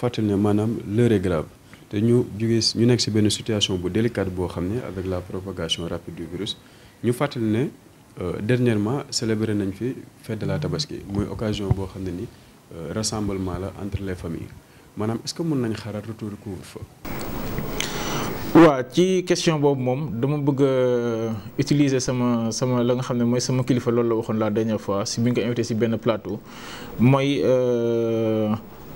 fàttali ne maanaam l'heure est grave te ñu jugee ñu nekk si benn situation bu délicate boo xam ne avec la propagation rapide du virus ñu fàttali ne euh, dernièrement célébré nañ fi fête de la tabaski muy occasion boo xam ne ni euh, rassemblement la entre les familles maanaam est-ce que mën nañ xaaraat retour couvre-feu waaw ci question boobu moom dama bëgg a euh, utiliser sama sama la nga xam ne mooy sama kilifa loolu la waxoon la dernière fois si bi nga ko invité si benn plateau mooy.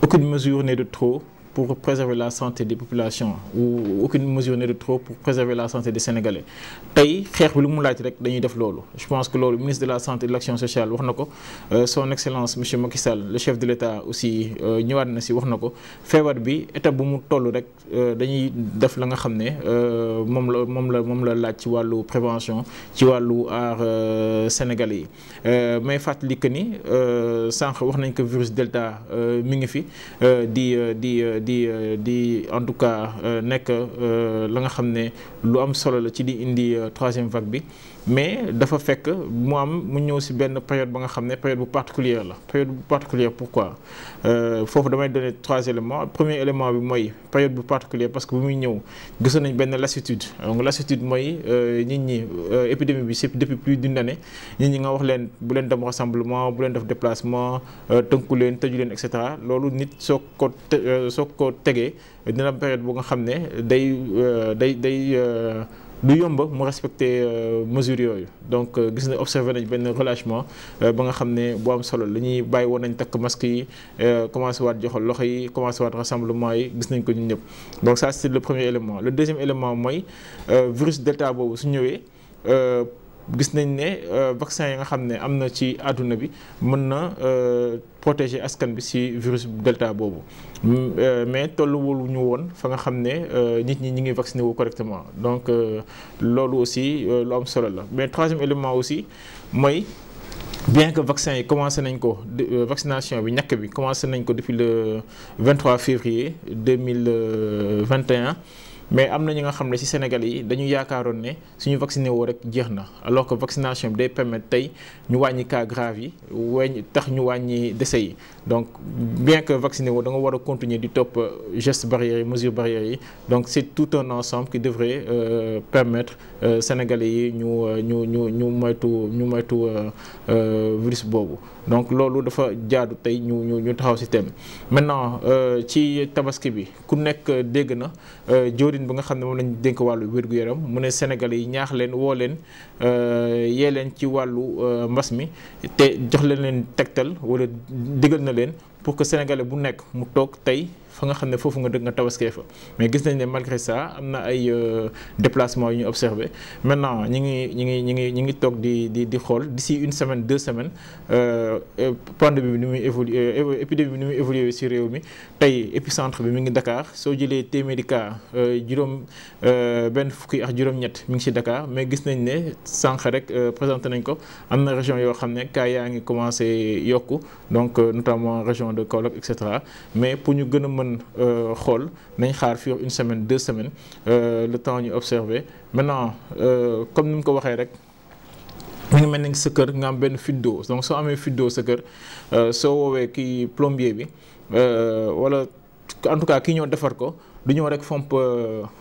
Aucune mesure n'est de trop. pour préserver la santé des population ou aucune mesure n'est de trop pour préserver la santé des Sénégalais tey xeex bi lu mu laaj rek dañuy def loolu je pense que loolu ministre de la santé et de l'action sociale wax na ko euh, son excellence monsieur Macky Sall le chef de l'État aussi euh, ñëwaat na si wax na ko feebar bi état bu mu toll rek euh, dañuy def la nga xam ne moom la moom la moom la laaj ci wàllu prévention ci wàllu aar Sénégalais yi may fàttali que ni sànq wax nañ ko virus delta mi ngi fi di di di euh, di en tout cas euh, nekk euh, la nga xam ne lu am solo la ci di indi troisième vague bi mais dafa fekk mu am mu ñëw si benn période ba nga xam ne période bu particulière la période bu particulière pourquoi foofu damay donner trois éléments premier élément bi mooy période bu particulière parce que bu muy ñëw gisoon nañ benn lassitude donc lassitude mooy nit ñi épidémie bi c'est depuis plus d'une année nit ñi nga wax leen bu leen dem rassemblement bu leen def déplacement tënku leen tëju leen et cetera ko tegee dina am période bu nga xam ne day euh, day day euh, du yomba mu respecter euh, mesures yooyu donc gis na observé nañ benn relagement ba nga xam ne boo am solo la ñuy bàyyi woon nañ takk masque yi commencé waat joxal loxo yi commencé waat rassemblement yi gis nañ ko ñun ñëpp donc ça c'est le premier élément le deuxième élément mooy virus delta boobu su ñëwee gis nañ ne euh, vaccin yi nga xam ne am na ci àdduna bi mën na euh, protéger askan bi si virus delta boobu euh, mais tolluwul ñu woon fa nga xam ne nit ñi ñi ngi vacciné wu correctement donc loolu aussi lu am solo la mais troisième élément aussi mooy bien que vaccin yi commencé nañ ko vaccination bi ñàkk bi commencé nañ ko depuis le 23 février 2021 mais am na ñi nga xam ne ci Sénégal yi dañu yaakaaroon ne suñu vacciné woo rek jeex na alors que vaccination bi day permettre tey ñu wàññi kaa grave yi weñ tax ñu wàññi décès yi donc bien que vacciné woo da war a continuer di topp gest barrières yi mesures barrières yi donc c'est tout un ensemble qui devrait euh, permettre euh, Sénégalais yi ñu euh, ñu ñu ñu moytu ñu moytu euh, euh, virus boobu donc loolu dafa jaadu tey ñu ñu ñu taxaw ci thème maintenant ci tabaski bi ku nekk dégg na jëwriñ bu nga xam ne moom lañ dénk wàllu wér-gu-yaram mu ne Sénégalais yi ñaax leen woo leen euh, yee leen ci wàllu euh, mbas mi te jox leen leen tegtal wala digal na leen pour que Sénégalais bu nekk mu toog tey fa nga xam ne foofu nga dëkk nga tabaskee fa mais gis nañ ne malgré ça am na ay euh, déplacement yu ñu observé maintenant ñi ngi ñi ngi ñi ngi ñi ngi toog di di di xool d'ici une semaine deux semaines euh, euh, pandémie bi nu muy évoluer épidémie bi nu muy évoluer si réew mi tey épicentre bi mi ngi dakaar soo jëlee téeméeri cas juróom benn fukki ak juróom-ñett mi ngi si dakaar mais gis nañ ne sànq rek présenté nañ ko am na région yoo xam ne cas yaa ngi commencé yokku donc notamment région de Kaolack et cetera mën euh, xool nañ xaar fii une semaine deux semaines euh, le temps ñu observer maintenant euh, comme ni mu ko waxee rek. mu mel ni sa kër nga am benn fuite d'eau donc soo amee fuite sa kër soo woowee kii plombier bi wala. en tout cas kii ñëw defar ko du ñëw rek fomp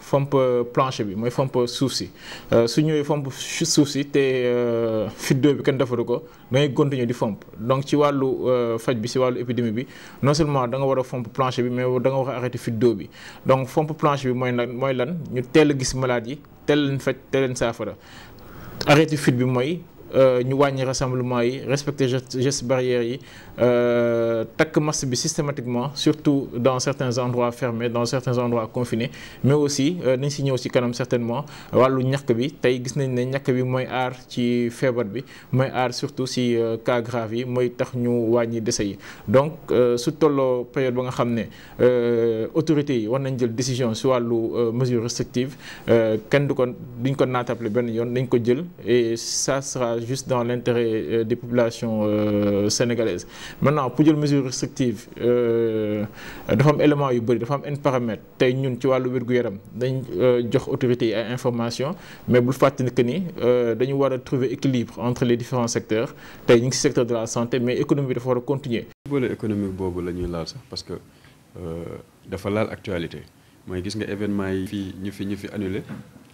fomp plancher bi mooy fomp suuf si euh, su ñëwee fomp suuf si te euh, fiddo bi kenn defaru ko da ngay di fomp donc ci wàllu euh, faj bi si wàllu épidémie bi non seulement da nga war a fomp plancher bi mais da nga wax arrêté fiddo bi donc fomp plancher bi mooy lan mooy lan ñu teel gis malade yi teel leen faj teel saafara arrêté fit bi mooy Euh, ñu wàññi rassemblement yi respecter gestes barrières yi euh, takk masque bi systématiquement surtout dans certains endroits fermés dans certains endroits confinés mais aussi euh, nañ si ñëw si kanam certainement wàllu ñàkk bi tey gis nañ ne ñàkk bi mooy aar ci feebar bi mooy aar surtout si cas grave yi mooy tax ñu wàññi dese yi donc su tolloo période ba nga xam ne autorités yi war nañ jël décision si wàllu mesure restrictive kenn du ko duñ ko naatable benn yoon dañ ko jël daal juste dans l'intérêt euh, des populations euh, sénégalaises maintenant pour jël mesure restrictive euh, dafa am élément yu bëri dafa am n paramètre tey ñun ci wàllu wér-gu-yaram dañ jox autorités yi ay information mais bul fàttali que ni dañu war a trouver équilibre entre les différents secteurs tey ñu ngi si secteur de la santé mais économie bi dafa war a continuer boole boobu la ñuy laal sax parce que dafa laal actualité mooy gis nga événement yi fi ñu fi ñu fi annulé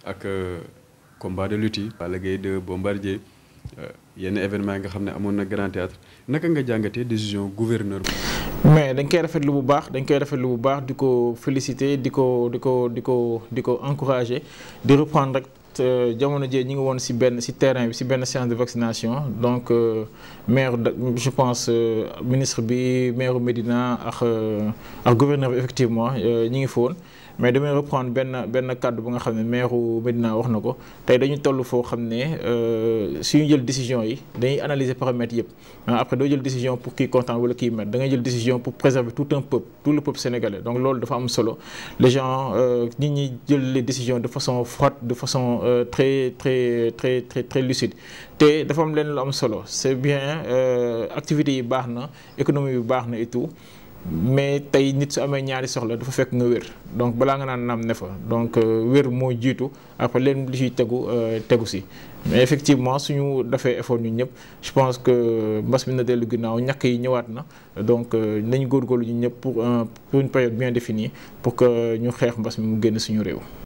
ak combat de lutte yi Euh, yenn événement nga xam ne amoon na grand théâtre naka nga jàngatee décision gouverneur mais dañ koy rafetlu bu baax dañ koy rafetlu bu baax di ko féliciter di ko di ko di ko di ko encourager di reprendre rek fait euh, jamono jee ñi ngi woon ci benn ci terrain bi ci benn séance de vaccination donc euh, maire je pense euh, ministre bi maire Médina ak ak gouverneur bi effectivement ñi ngi fa mais damay reprendre benn benn kàddu bu nga xam ne maire Médina wax na ko tey dañu toll foo xam ne suñu jël décision yi dañuy analyser paramètres yëpp ah, après doo jël décision pour kii content wala kii maître da ngay jël décision pour préserver tout un peuple tout le peuple sénégalais donc am solo Euh, très très très très très lucide te dafa am leen lu am solo c'est bien euh, activités yi baax na économie bi baax na et mais tey nit su amee ñaari soxla dafa fekk nga wér donc balaa nga naan naam ne fa donc euh, wér moo jiitu après leen li ciy tegu tegu si mais effectivement suñu dafee effort ñu ñëpp je pense que mbas mi na dellu ginnaaw ñàkk yi ñëwaat na donc nañ góorgóorlu ñu ñëpp pour pour une période bien définie pour que ñu xeex mbas mi mu génn suñu réew